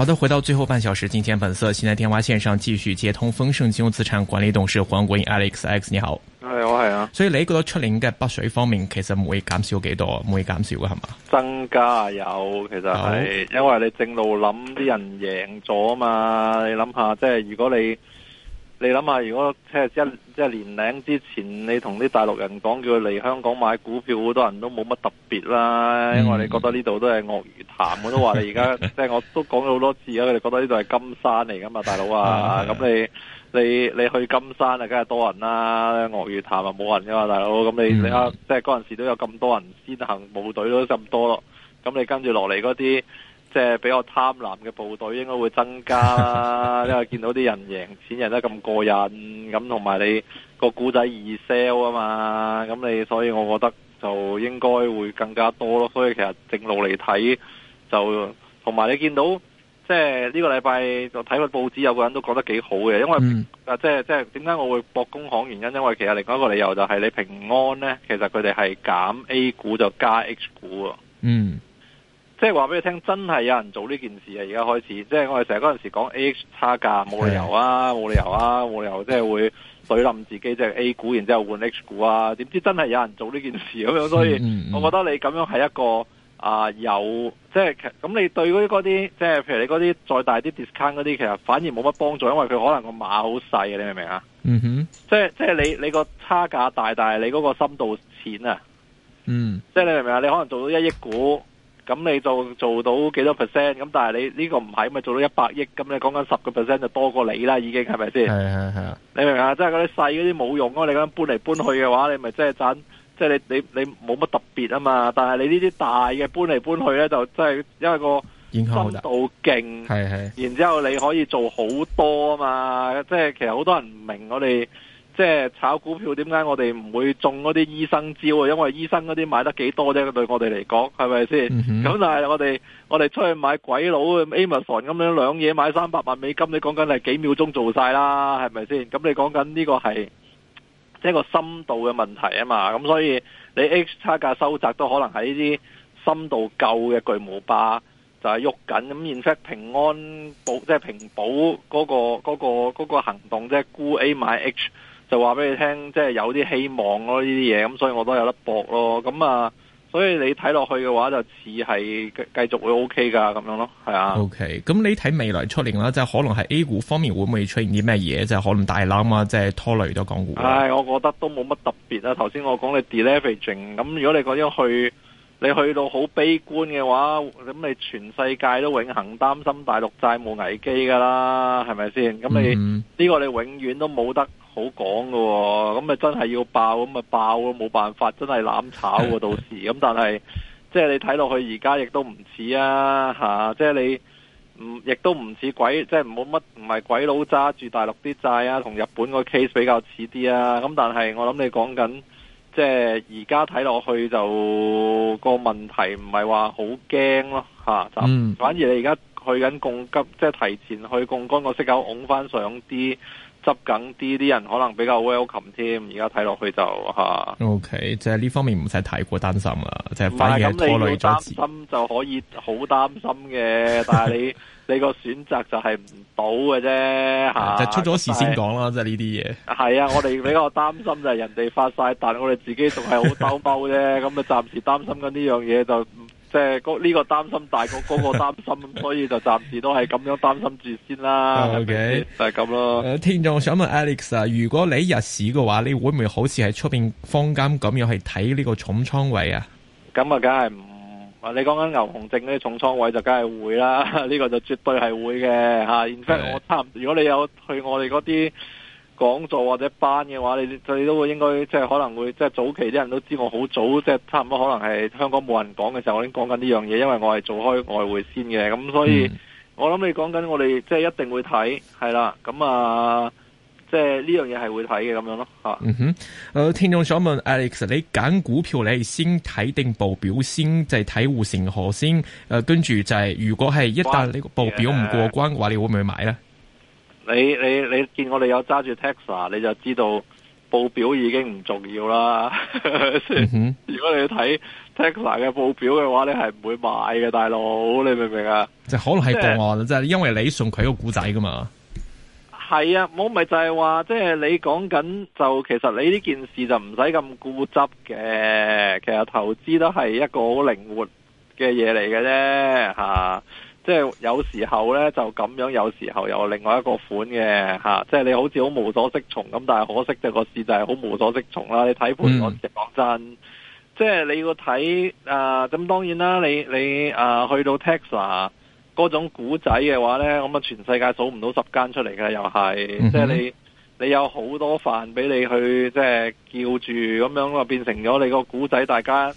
好的，回到最後半小時金錢本色，現在電話線上繼續接通豐盛金融資產管理董事黃國英 Alex X，你好，係我係啊。所以你覺得出年嘅北水方面，其實唔會減少幾多，唔會減少嘅係嘛？增加有，其實係、哎、因為你正路諗啲人贏咗嘛，你諗下即係如果你。你諗下，如果即係一即係年零之前，你同啲大陸人講叫佢嚟香港買股票，好多人都冇乜特別啦。嗯、因為你覺得呢度都係鱷魚潭，我都話你而家 即係我都講咗好多次啊。佢哋覺得呢度係金山嚟噶嘛，大佬啊！咁、啊、你你你，你去金山啊，梗係多人啦。鱷魚潭啊，冇人噶嘛，大佬。咁你而家即係嗰陣時都有咁多人先行隊，部隊都咁多咯。咁你跟住落嚟嗰啲。即係比較貪婪嘅部隊，應該會增加啦。 因為見到啲人贏錢，贏得咁過癮，咁同埋你個股仔易 sell 啊嘛，咁你所以我覺得就應該會更加多咯。所以其實正路嚟睇，就同埋你見到，即係呢個禮拜就睇個報紙，有個人都覺得幾好嘅，因為啊，即係即係點解我會博工行？原因因為其實另外一個理由就係你平安呢，其實佢哋係減 A 股就加 H 股。嗯。.即係話俾你聽，真係有人做呢件事啊！而家開始，即係我哋成日嗰陣時講 A H 差價冇理由啊，冇的理由啊，冇理由、啊，即係會對冧自己隻、即係、A 股，然之後換 H 股啊！點知真係有人做呢件事咁、啊、樣，所以我覺得你咁樣係一個啊、呃、有，即係咁你對嗰啲即係譬如你嗰啲再大啲 discount 嗰啲，其實反而冇乜幫助，因為佢可能個碼好細啊！你明唔明啊？嗯、哼即係即係你你個差價大，大，大係你嗰個深度淺啊！嗯，即係你明唔明啊？你可能做到一億股。咁你就做到幾多 percent？咁但係你呢個唔係，咪做到一百億？咁你講緊十個 percent 就多過你啦，已經係咪先？係係係，你明啊？即係嗰啲細嗰啲冇用啊。你咁樣搬嚟搬去嘅話，你咪即係賺，即係你你你冇乜特別啊嘛。但係你呢啲大嘅搬嚟搬去咧，就即係因為個深度勁，係係。然之後你可以做好多啊嘛。即係係係其實好多人唔明我哋。即係炒股票，點解我哋唔會中嗰啲醫生招啊？因為醫生嗰啲買得幾多啫？對我哋嚟講，係咪先？咁就係我哋我哋出去買鬼佬 Amazon 咁樣兩嘢買三百萬美金，你講緊係幾秒鐘做曬啦？係咪先？咁你講緊呢個係即係個深度嘅問題啊嘛？咁所以你 H 差價收窄都可能喺啲深度夠嘅巨無霸就係喐緊咁。然 f f 平安保即係、就是、平保嗰、那個、那個、那個那個行動即係估 A 買 H。就話俾你聽，即係有啲希望咯，呢啲嘢咁，所以我都有得搏咯。咁啊，所以你睇落去嘅話，就似係繼續會 OK 噶咁樣咯，係啊。OK，咁你睇未來出年啦，即係可能係 A 股方面會唔會出現啲咩嘢？即係可能大膽啊，即係拖累咗港股。唉，我覺得都冇乜特別啊。頭先我講你 deleveraging，咁如果你講咗去，你去到好悲觀嘅話，咁你全世界都永恆擔心大陸債務危機噶啦，係咪先？咁你呢、嗯、個你永遠都冇得。好講嘅，哦，咁咪真係要爆，咁咪爆咯，冇辦法，真係攬炒嘅，到時咁。但係即係你睇落去，而家亦都唔似啊，吓，啊，即係你唔亦都唔似鬼，即係唔好乜唔係鬼佬揸住大陸啲債啊，同日本個 case 比較似啲啊。咁但係我諗你講緊，即係而家睇落去就個問題唔係話好驚咯，吓，啊，反而你而家去緊槓急，即係提前去槓桿個息口，拱翻上啲。執緊啲，啲人可能比較 welcome 添。而家睇落去就吓，OK，即係呢方面唔使太過擔心啦。即係反而有拖累咗自己擔心 就可以好擔心嘅， 但係你你個選擇就係唔到嘅啫。吓，就出咗事先講啦，即係呢啲嘢。係 啊，我哋比較擔心就係人哋發晒，但我哋自己仲係好兜踎啫。咁啊，暫時擔心緊呢樣嘢就。即係呢個擔心，大個嗰個擔心， 所以就暫時都係咁樣擔心住先啦。 是是 OK，係咁咯。聽眾我想問 Alex 啊，如果你日市嘅話，你會唔會好似喺出邊坊間咁樣去睇呢個重倉位啊？咁啊，梗係唔，你講緊牛熊證啲重倉位就梗係會啦。呢、這個就絕對係會嘅。吓，然之後我差唔，如果你有去我哋嗰啲。講座或者班嘅話，你你都會應該即係可能會即係早期啲人都知我好早即係差唔多可能係香港冇人講嘅時候，我已經講緊呢樣嘢，因為我係做開外匯先嘅，咁所以我諗你講緊我哋即係一定會睇，係啦，咁啊即係呢樣嘢係會睇嘅咁樣咯吓。嗯哼，誒，聽眾想問 Alex，你揀股票你係先睇定報表先，即係睇護城河先？誒，跟住就係如果係一旦你個報表唔過關嘅話，你會唔會買咧？你你你見我哋有揸住 Tesla 你就知道報表已經唔重要啦。 嗯、哼如果你要睇 Tesla 嘅報表嘅話，你係唔會買嘅，大佬，你明唔明啊？即係可能係個案，即係是因為你信佢個故仔噶嘛。係啊，我咪就係話，即係你講緊就其實你呢件事就唔使咁固執嘅。其實投資都係一個好靈活嘅嘢嚟嘅啫，吓、啊。即係有時候呢，就咁樣，有時候又另外一個款嘅，吓、啊。即係你好似好無所適從咁，但係可惜事就個市就係好無所適從啦。你睇盤，我講真，即係你要睇啊。咁、呃、當然啦，你你啊、呃、去到 Texas 嗰種股仔嘅話呢，咁啊全世界數唔到十間出嚟，嘅又係、嗯、即係你你有好多飯俾你去即係叫住咁樣啊，變成咗你個股仔，大家。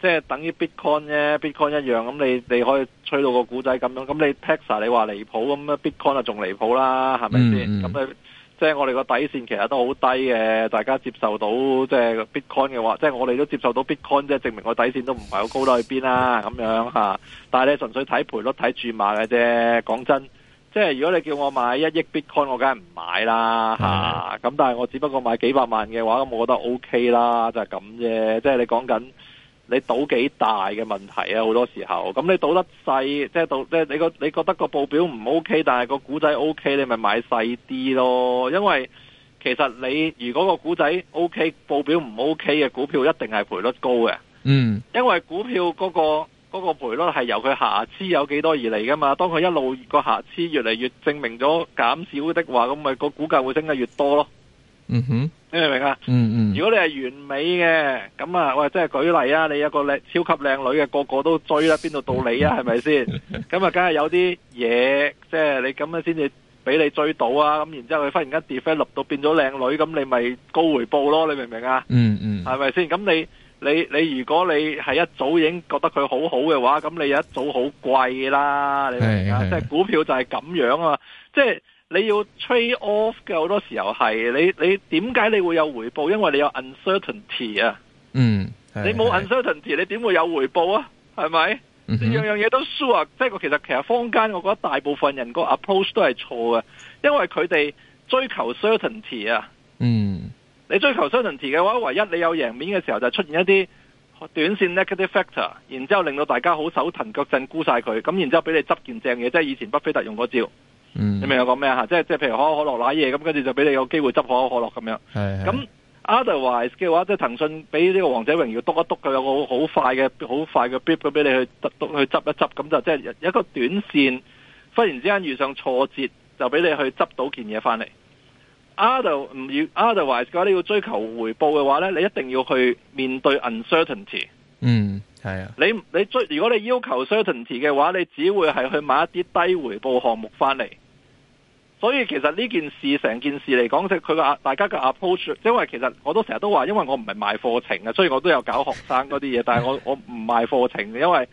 即係等於 Bitcoin 啫，Bitcoin 一樣咁，你你可以吹到個古仔咁樣。咁你 Tesla 你話離譜咁啊，Bitcoin 就仲離譜啦，係咪先？咁你、mm hmm. 即係我哋個底線其實都好低嘅，大家接受到即係 Bitcoin 嘅話，即係我哋都接受到 Bitcoin，即係證明我底線都唔係好高得去邊啦。咁樣吓、啊，但係你純粹睇賠率睇注碼嘅啫。講真，即係如果你叫我買一億 Bitcoin，我梗係唔買啦吓，咁、啊 mm hmm. 但係我只不過買幾百萬嘅話，咁我覺得 O K 啦，就係咁啫。即係你講緊。你賭幾大嘅問題啊？好多時候，咁你賭得細，即係賭即係你個你覺得個報表唔 OK，但係個股仔 OK，你咪買細啲咯。因為其實你如果個股仔 OK，報表唔 OK 嘅股票一定係賠率高嘅。嗯，因為股票嗰個嗰個賠率係由佢瑕疵有幾多而嚟噶嘛。當佢一路個瑕疵越嚟越證明咗減少的話，咁咪個股價會升得越多咯。嗯哼，你明唔明啊？嗯嗯，如果你係完美嘅，咁啊，喂，即係舉例啊，你有個靚超級靚女嘅，個個都追啦，邊度到你啊？係咪先？咁啊， 梗係有啲嘢，即係你咁樣先至俾你追到啊！咁然之後佢忽然間 develop 到變咗靚女，咁你咪高回報咯？你明唔明啊？嗯嗯，係咪先？咁你你你，你你如果你係一早已經覺得佢好好嘅話，咁你有一早好貴啦！是的 你明唔明啊？的即係股票就係咁樣啊！即係。你要 trade off 嘅好多時候係，你你點解你會有回報？因為你有 uncertainty 啊，嗯，你冇 uncertainty 的你點會有回報啊？係咪？嗯、哼樣樣嘢都 sure，即係其實其實坊間我覺得大部分人個 approach 都係錯嘅，因為佢哋追求 certainty 啊，嗯，你追求 certainty 嘅話，唯一你有贏面嘅時候就出現一啲短線 negative factor，然之後令到大家好手騰腳震沽晒佢，咁然之後俾你執件正嘢，即係以前畢菲特用嗰招。嗯，mm hmm. 你明我講咩啊？即係即係，譬如可口可樂攋嘢咁，跟住就俾你個機會執可口可樂咁樣。係，咁 otherwise 嘅話，即係騰訊俾呢個王者榮耀督一督，佢有個好快嘅好快嘅 bip 咁俾你去去去執一執，咁就即係一個短線忽然之間遇上挫折，就俾你去執到件嘢翻嚟。otherwise 嘅話，你要追求回報嘅話呢，你一定要去面對 uncertainty。嗯，係啊，你你最如果你要求 certainty 嘅話，你只會係去買一啲低回報項目翻嚟。所以其實呢件事成件事嚟講，即係佢個大家嘅 approach，因為其實我都成日都話，因為我唔係賣課程嘅，所以我都有搞學生嗰啲嘢，的但係我我唔賣課程，因為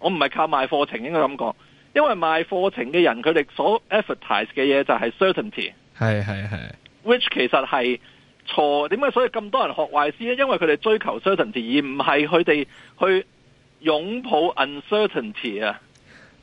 我唔係靠賣課程，應該咁講，因為賣課程嘅人佢哋所 advertise 嘅嘢就係 certainty，係係係的的，which 其實係。錯。點解所以咁多人學壞先咧？因為佢哋追求 certainty，而唔係佢哋去擁抱 uncertainty 啊、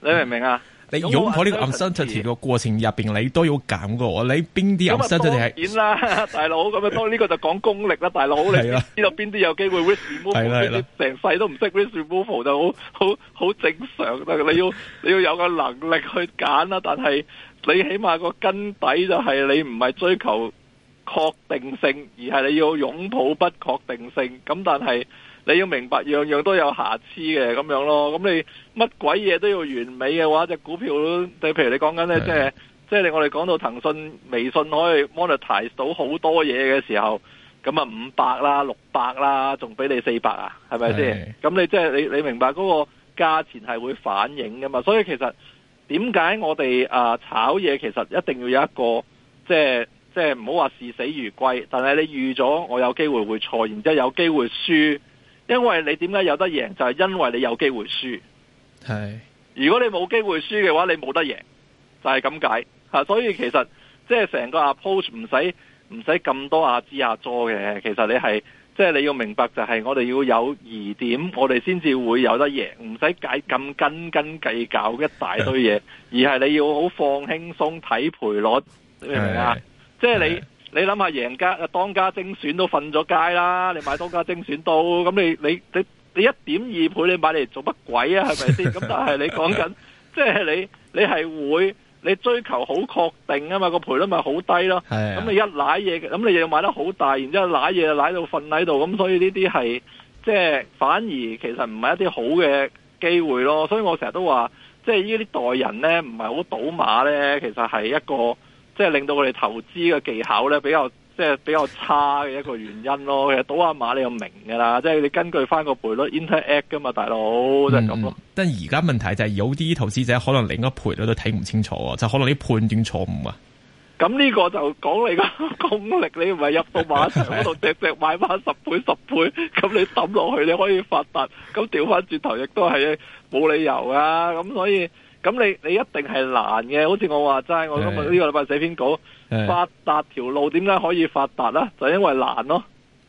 嗯！你明唔明啊？你擁抱呢個擁抱 uncertainty 個過程入邊，你都要揀噶你邊啲 uncertainty 係？咁啦、 這個，大佬咁樣當然呢個就講功力啦，大佬你知道邊啲有機會 risk removal，邊啲成世都唔識 risk removal 就好好好正常。但你要你要有個能力去揀啦。但係你起碼個根底就係你唔係追求，確定性，而係你要擁抱不確定性。咁但係你要明白，樣樣都有瑕疵嘅咁樣咯。咁你乜鬼嘢都要完美嘅話，隻股票對，譬如你講緊咧，即係即係你我哋講到騰訊、微信可以 monetize 到好多嘢嘅時候，咁啊五百啦、六百啦，仲俾你四百啊，係咪先？咁是的 你即係、就是、你你明白嗰個價錢係會反映噶嘛？所以其實點解我哋啊炒嘢其實一定要有一個即係。就是即係唔好話視死如歸，但係你預咗我有機會會錯，然之後有機會輸，因為你點解有得贏就係、是、因為你有機會輸。係是如果你冇機會輸嘅話，你冇得贏就係咁解吓。所以其實即係成個 approach 唔使唔使咁多阿支阿咗嘅，其實你係即係你要明白就係我哋要有疑點，我哋先至會有得贏，唔使解咁斤斤計較一大堆嘢， 而係你要好放輕鬆睇賠率，你明唔明啊？的即係你，你諗下贏家當家精選都瞓咗街啦！你買當家精選到咁，你你你你一點二倍你買，嚟做乜鬼啊？係咪先？咁 但係你講緊，即係你你係會你追求好確定啊嘛，個賠率咪好低咯。咁 你一瀨嘢，咁你又要買得好大，然之後瀨嘢就瀨到瞓喺度。咁所以呢啲係即係反而其實唔係一啲好嘅機會咯。所以我成日都話，即係呢啲代人咧，唔係好賭馬咧，其實係一個。即係令到我哋投資嘅技巧咧，比較即係比較差嘅一個原因咯。其實賭下馬你又明噶啦，即係你根據翻個賠率，interact 噶嘛，大佬即係咁咯。嗯、但係而家問題就係有啲投資者可能連個賠率都睇唔清楚，啊，就可能啲判斷錯誤啊。咁呢、嗯，這個就講你個功力，你唔係入到馬場嗰度隻隻買返十倍十倍，咁你抌落去你可以發達，咁掉翻轉頭亦都係冇理由啊。咁所以。咁你你一定係難嘅，好似我話齋，我今日呢 Yeah. 個禮拜寫篇稿，Yeah. 發達條路點解可以發達啊？就係、因為難咯，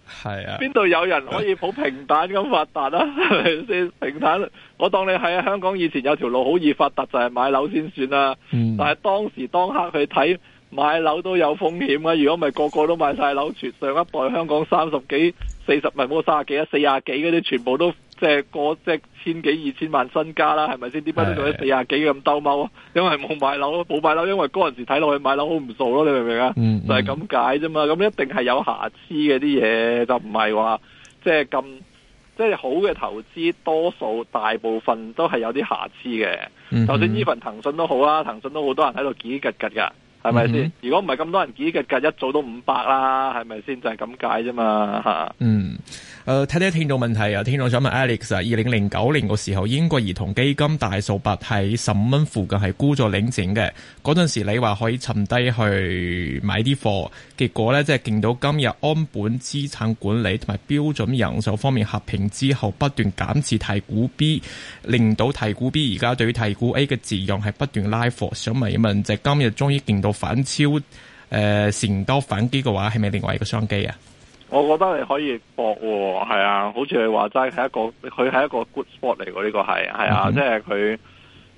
係啊，邊度有人可以好平坦咁發達啊？係 平坦，我當你係香港以前有條路好易發達就係、係、買樓先算啦，啊，mm. 但係當時當刻去睇買樓都有風險噶，如果唔係個個都買晒樓，全上一代香港三十幾、四十萬、三十幾啊、四廿幾嗰啲，全部都。即係嗰隻千幾二千萬身家啦，係咪先？點解仲喺四廿幾咁兜踎？因為冇買樓，冇買樓，因為嗰陣時睇落去買樓好唔數咯，你明唔明啊？嗯嗯就係咁解啫嘛。咁一定係有瑕疵嘅啲嘢，就唔係話即係咁，即係好嘅投資，多數大部分都係有啲瑕疵嘅。就算、是、呢份騰訊都好啦，騰訊都好多人喺度擠擠拮拮噶，係咪先？如果唔係咁多人擠擠拮拮，一早都五百啦，係咪先？就係咁解啫嘛，吓。嗯。 誒，睇睇、呃、聽眾問題啊！聽眾想問 Alex 啊，二零零九年個時候，英國兒童基金大掃把喺十五蚊附近係沽咗領整嘅。嗰陣時你話可以趁低去買啲貨，結果呢，即係見到今日安本資產管理同埋標準人壽方面合併之後，不斷減持太古 B，令到太古 B 而家對太古 A 嘅自用係不斷拉貨。想問一問，就係、今日終於見到反超誒，成、呃、多反擊嘅話，係咪另外一個商機啊？我覺得你可以搏喎，係啊，好似你話齋，係一個佢係一個 good sport 嚟喎，呢個係係啊，嗯、哼即係佢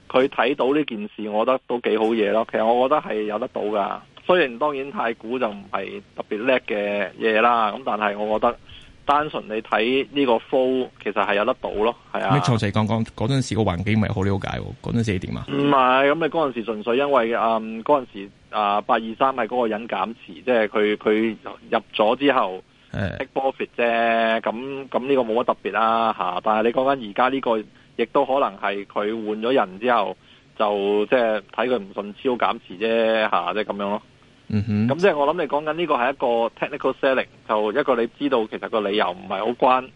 佢睇到呢件事，我覺得都幾好嘢咯。其實我覺得係有得到㗎。雖然當然太古就唔係特別叻嘅嘢啦，咁但係我覺得單純你睇呢個 flow 其實係有得到咯，係啊。咩創世講講嗰陣時個環境咪好了解喎？嗰陣時點啊？唔係咁，你嗰陣時純粹因為嗯嗰陣時啊八二三係嗰個人減持，即係佢佢入咗之後。take profit 啫，咁咁呢個冇乜特別啦、啊。吓、啊，但係你講緊而家呢個，亦都可能係佢換咗人之後，就即係睇佢唔順超減持啫吓，即係咁樣咯。嗯，咁即係我諗你講緊呢個係一個 technical selling，就一個你知道其實個理由唔係好關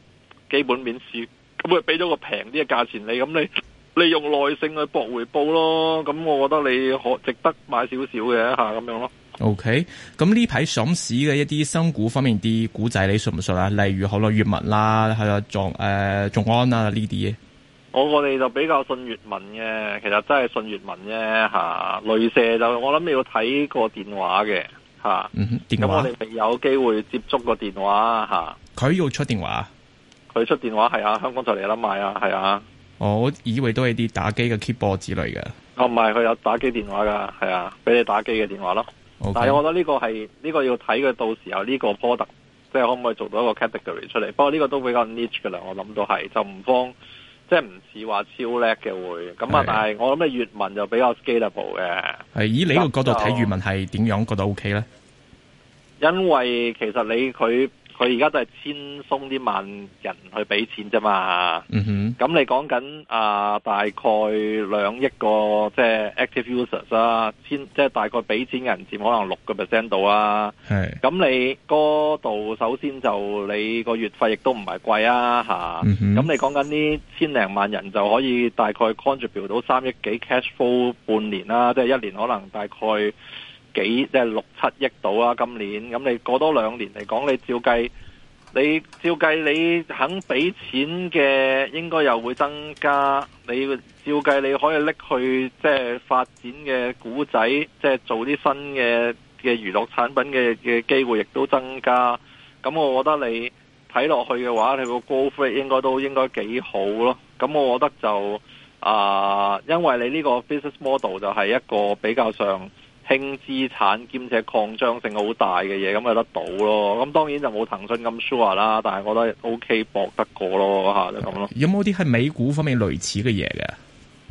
基本面事，咁佢俾咗個平啲嘅價錢你，咁你你用耐性去搏回報咯，咁我覺得你可值得買少少嘅吓，咁、啊、樣咯。O K，咁呢排上市嘅一啲新股方面啲股仔，你信唔信啊？例如好多閱文啦，係啦、啊，眾、呃、眾安啦呢啲。我我哋就比較信閱文嘅，其實真係信閱文啫。吓、啊、雷蛇就我諗你要睇個電話嘅吓，咁、啊嗯、我哋未有機會接觸個電話吓。佢、啊、要出電話，佢出電話係啊，香港就嚟啦，有得賣啊，係啊。我以為都係啲打機嘅 keyboard 之類嘅。哦，唔係佢有打機電話噶，係啊，俾你打機嘅電話咯。Okay. 但係我覺得呢個係呢、呢個要睇佢到時候呢個 product，即係可唔可以做到一個 category 出嚟，不過呢個都比較 niche 噶啦，我諗到係就唔方，即係唔似話超叻嘅會咁啊。的但係我諗嘅粵文就比較 scalable 嘅。係以你個角度睇粵文係點樣覺得 OK 咧？因為其實你佢。佢而家都係千鬆啲萬人去俾錢啫嘛，咁、mm hmm. 嗯、你講緊啊大概兩億個即係 active users 啦、啊，千即係大概俾錢人佔可能六個 percent 度啊，係咁、mm hmm. 嗯、你嗰度首先就你個月費亦都唔係貴啊嚇，咁、啊 mm hmm. 嗯、你講緊呢千零萬人就可以大概 contribute 到三億幾 cash flow 半年啦、啊，即係一年可能大概。幾即係六七億度啊！今年咁，你過多兩年嚟講，你照計，你照計，你肯俾錢嘅，應該又會增加。你照計，你可以拎去即係發展嘅古仔，即係做啲新嘅嘅娛樂產品嘅嘅機會，亦都增加。咁，我覺得你睇落去嘅話，你個 growth rate 應該都應該幾好咯。咁，我覺得就啊、呃，因為你呢個 business model 就係一個比較上。輕資產兼且擴張性好大嘅嘢，咁咪得到咯。咁當然就冇騰訊咁 sure 啦，但係我覺得 OK 搏得過咯嚇，就咁咯、啊。有冇啲係美股方面類似嘅嘢嘅？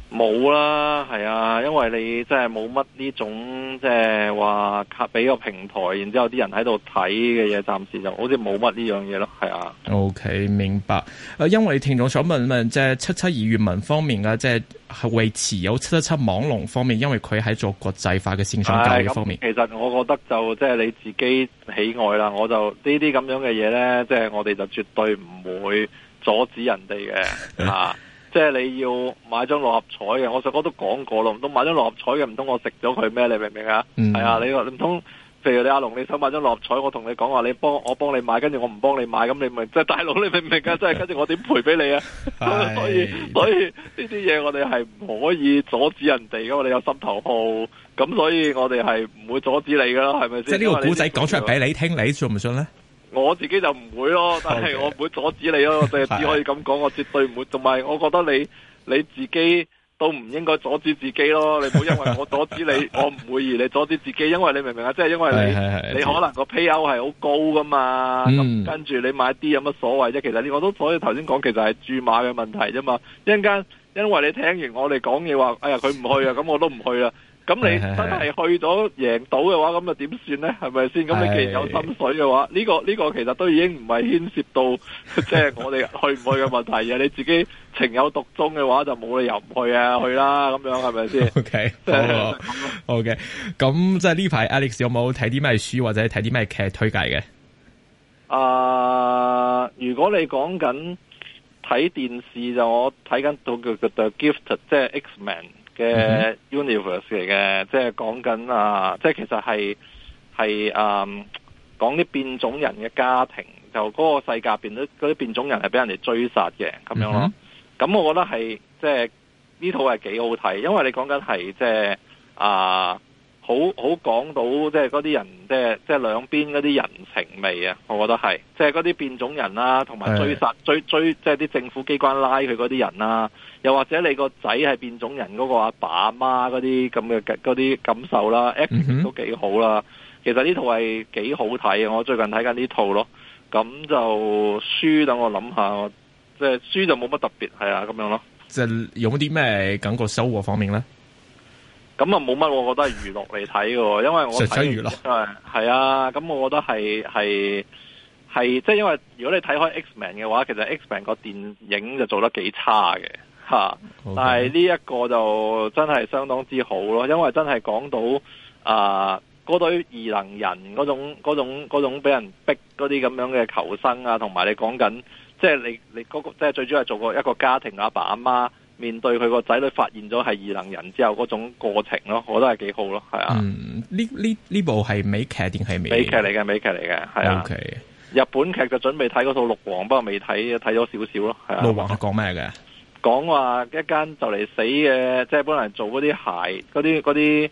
冇啦，係啊，因為你即係冇乜呢種即係話俾個平台，然之後啲人喺度睇嘅嘢，暫時就好似冇乜呢樣嘢咯，係啊。O、okay, K，明白。誒、呃，因為你聽眾想問問，嗯、即係七七二閱文方面啊，即係維持有七七網龍方面，因為佢喺做國際化嘅線上教育方面。啊嗯、其實我覺得就即係你自己喜愛啦，我就這這呢啲咁樣嘅嘢咧，即係我哋就絕對唔會阻止人哋嘅吓。 即係你要買張六合彩嘅，我上哥都講過咯。唔通買張六合彩嘅，唔通我食咗佢咩？你明唔明啊？係啊、嗯，你話唔通，譬如你阿龍，你想買張六合彩，我同你講話，你幫我幫你買，跟住我唔幫你買，咁你咪即係大佬，你明唔明啊？即係跟住我點賠俾你啊？ 所以所以呢啲嘢我哋係唔可以阻止人哋噶，我哋有心頭好，咁所以我哋係唔會阻止你噶啦，係咪先？即係呢個古仔講出嚟俾你， 你聽你，你信唔信咧？我自己就唔會咯，但係我唔會阻止你咯，就係只可以咁講，我絕對唔會。同埋我覺得你你自己都唔應該阻止自己咯，你唔好因為我阻止你， 我唔會而你阻止自己，因為你明唔明啊？即係因為你你可能個 pay out 係好高噶嘛，咁 跟住你買啲有乜所謂啫？其實呢，我都所以頭先講，其實係注碼嘅問題啫嘛。一陣間因為你聽完我哋講嘢話，哎呀佢唔去啊，咁我都唔去啊。咁你真係去咗贏到嘅話，咁啊點算咧？係咪先？咁你既然有心水嘅話，呢個、呢個其實都已經唔係牽涉到即係、就是、我哋去唔去嘅問題啊！ 你自己情有獨鍾嘅話，就冇理由唔去啊，去啦咁樣係咪先？OK，好 OK。咁即係呢排 Alex 有冇睇啲咩書或者睇啲咩劇推介嘅？啊，uh, 如果你講緊睇電視我 ed, 就我睇緊到叫叫做 Gift，即係 X Man。嘅、mm hmm. universe 嚟嘅，即係講緊啊，即係其實係係啊，講啲、嗯、變種人嘅家庭，就嗰個世界變咗嗰啲變種人係俾人哋追殺嘅咁樣咯。咁、mm hmm. 我覺得係即係呢套係幾好睇，因為你講緊係即係啊。呃好好講到即係嗰啲人，即係即係兩邊嗰啲人情味啊！我覺得係，即係嗰啲變種人啦、啊，同埋追殺追追，即係啲政府機關拉佢嗰啲人啦、啊，又或者你個仔係變種人嗰個阿爸阿媽嗰啲咁嘅啲感受啦、啊，都幾、嗯、哼好啦、啊。其實呢套係幾好睇啊。我最近睇緊呢套咯。咁就書等我諗下，我即係書就冇乜特別係啊咁樣咯。即係有冇啲咩感覺收穫方面呢？咁啊冇乜，我覺得係娛樂嚟睇嘅，因為我睇娛樂樂。係啊，咁、啊、我覺得係係係即係因為如果你睇開 X-Men 嘅話，其實 X-Men 個電影就做得幾差嘅吓，啊、Okay. 但係呢一個就真係相當之好咯，因為真係講到啊嗰堆異能人嗰種嗰種嗰種俾人逼嗰啲咁樣嘅求生啊，同埋你講緊即係你你嗰、嗰個即係、就是、最主要係做過一個家庭阿爸阿媽。面對佢個仔女發現咗係異能人之後嗰種過程咯，我覺得係幾好咯，係啊。呢呢呢部係美劇定視美嚟，美劇嚟嘅，美劇嚟嘅，係啊。Okay. 日本劇就準備睇嗰套《六王》，不過未睇，睇咗少少咯，係啊。六王係講咩嘅？講話一間就嚟死嘅，即係本來做嗰啲鞋，嗰啲啲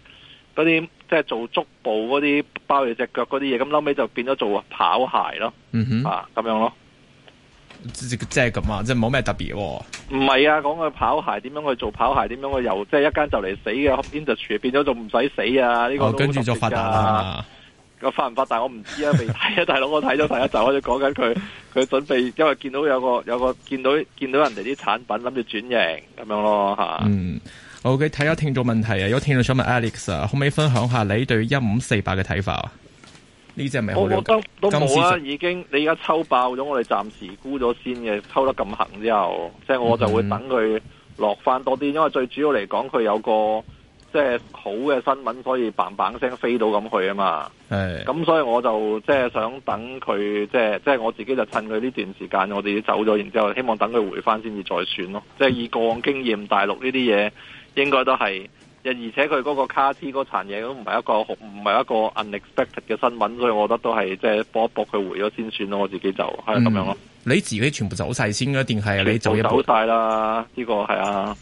啲，即係做足部嗰啲包住隻腳嗰啲嘢，咁後屘就變咗做跑鞋咯。嗯、哼啊，咁樣咯。即係咁、哦、啊，即係冇咩特別。唔係啊，講個跑鞋點樣去做跑鞋，點樣個由，即係一間就嚟死嘅 industry 變咗、哦，就唔使死啊！呢個跟住就發達啊！個發唔發達我唔知啊，未睇啊， 大佬我睇咗第一集，我哋講緊佢，佢準備因為見到有個有個見到見到人哋啲產品諗住轉型咁樣咯吓。嗯，好嘅，睇下聽眾問題啊！有聽眾想問 Alex 啊，可唔可以分享下你對一五四八嘅睇法啊？呢隻咪冇嘅，都冇啊！已經你而家抽爆咗，我哋暫時沽咗先嘅，抽得咁行之後，即係我就會等佢落翻多啲，因為最主要嚟講，佢有個即係好嘅新聞，所以砰砰聲飛到咁去啊嘛。係，咁所以我就即係想等佢，即係即係我自己就趁佢呢段時間，我哋走咗，然之後希望等佢回翻先至再算咯。即係以過往經驗，大陸呢啲嘢應該都係。而且佢嗰個卡 T 嗰層嘢都唔係一個唔係一個 unexpected 嘅新聞，所以我覺得都係即係搏一搏佢回咗先算咯。我自己就係咁、嗯、樣咯。你自己全部走晒先嘅，定係你走一半？走曬啦，呢、呢個係啊！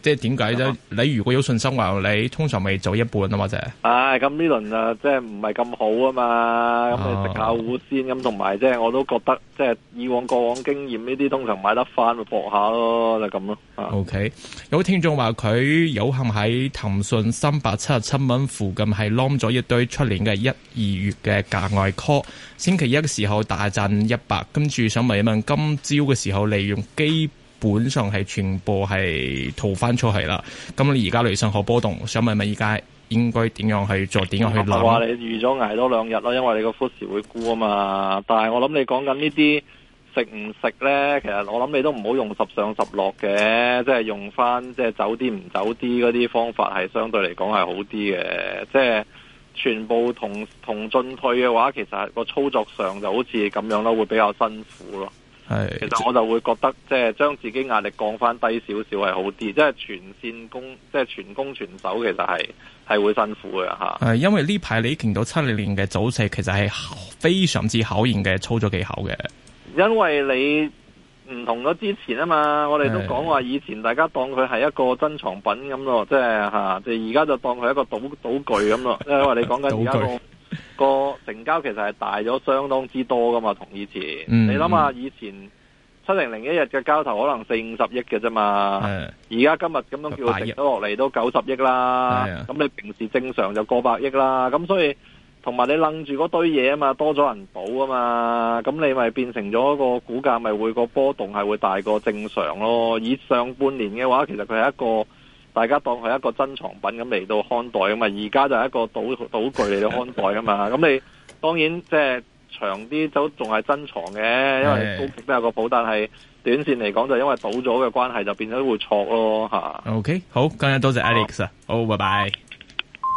即係點解啫？呢 uh huh. 你如果有信心話，你通常咪走一半、uh huh. 啊是是嘛？啫！唉、uh，咁呢輪啊，即係唔係咁好啊嘛？咁你食下糊先咁，同埋即係我都覺得，即係以往過往經驗呢啲通常買得翻咪搏下咯，就咁、是、咯。Uh huh. OK，有聽眾話佢有幸喺騰訊三百七十七蚊附近係攞咗一堆出年嘅一二月嘅價外 call，星期一嘅時候大賺一百，跟住。想問一問，今朝嘅時候利用基本上係全部係逃翻出去啦。咁你而家雷生可波動，想問問而家應該點樣去做？點、嗯、樣去諗？話、嗯、你預咗捱多兩日咯，因為你個忽時會沽啊嘛。但係我諗你講緊呢啲食唔食呢？其實我諗你都唔好用十上十落嘅，即係用翻即係走啲唔走啲嗰啲方法係相對嚟講係好啲嘅，即係。全部同同進退嘅話，其實個操作上就好似咁樣咯，會比較辛苦咯。係、哎，其實我就會覺得即係將自己壓力降翻低少少係好啲，即係全線攻，即係全攻全守，其實係係會辛苦嘅嚇。係、哎、因為呢排你見到七零年嘅組勢，其實係非常之考驗嘅操作技巧嘅，因為你。唔同咗之前啊嘛，我哋都講話以前大家當佢係一個珍藏品咁咯，即係吓，即係而家就當佢一個賭賭具咁咯。 因為你講緊而家個句個成交其實係大咗相當之多噶嘛，同以前，嗯、你諗下以前七零零一日嘅交投可能四五十億嘅啫嘛，而家的今日咁樣叫跌咗落嚟都九十億啦，咁的你平時正常就過百億啦，咁所以。同埋你楞住嗰堆嘢啊嘛，多咗人賭啊嘛，咁你咪變成咗個股價咪會個波動係會大過正常咯。以上半年嘅話，其實佢係一個大家當佢係一個珍藏品咁嚟到看待噶嘛，而家就係一個賭賭具嚟到看待噶嘛。咁 你當然即係長啲都仲係珍藏嘅，因為都值都有個保。但係短線嚟講，就因為賭咗嘅關係，就變咗會錯咯吓。O K，好，今日多謝 Alex，好，拜拜。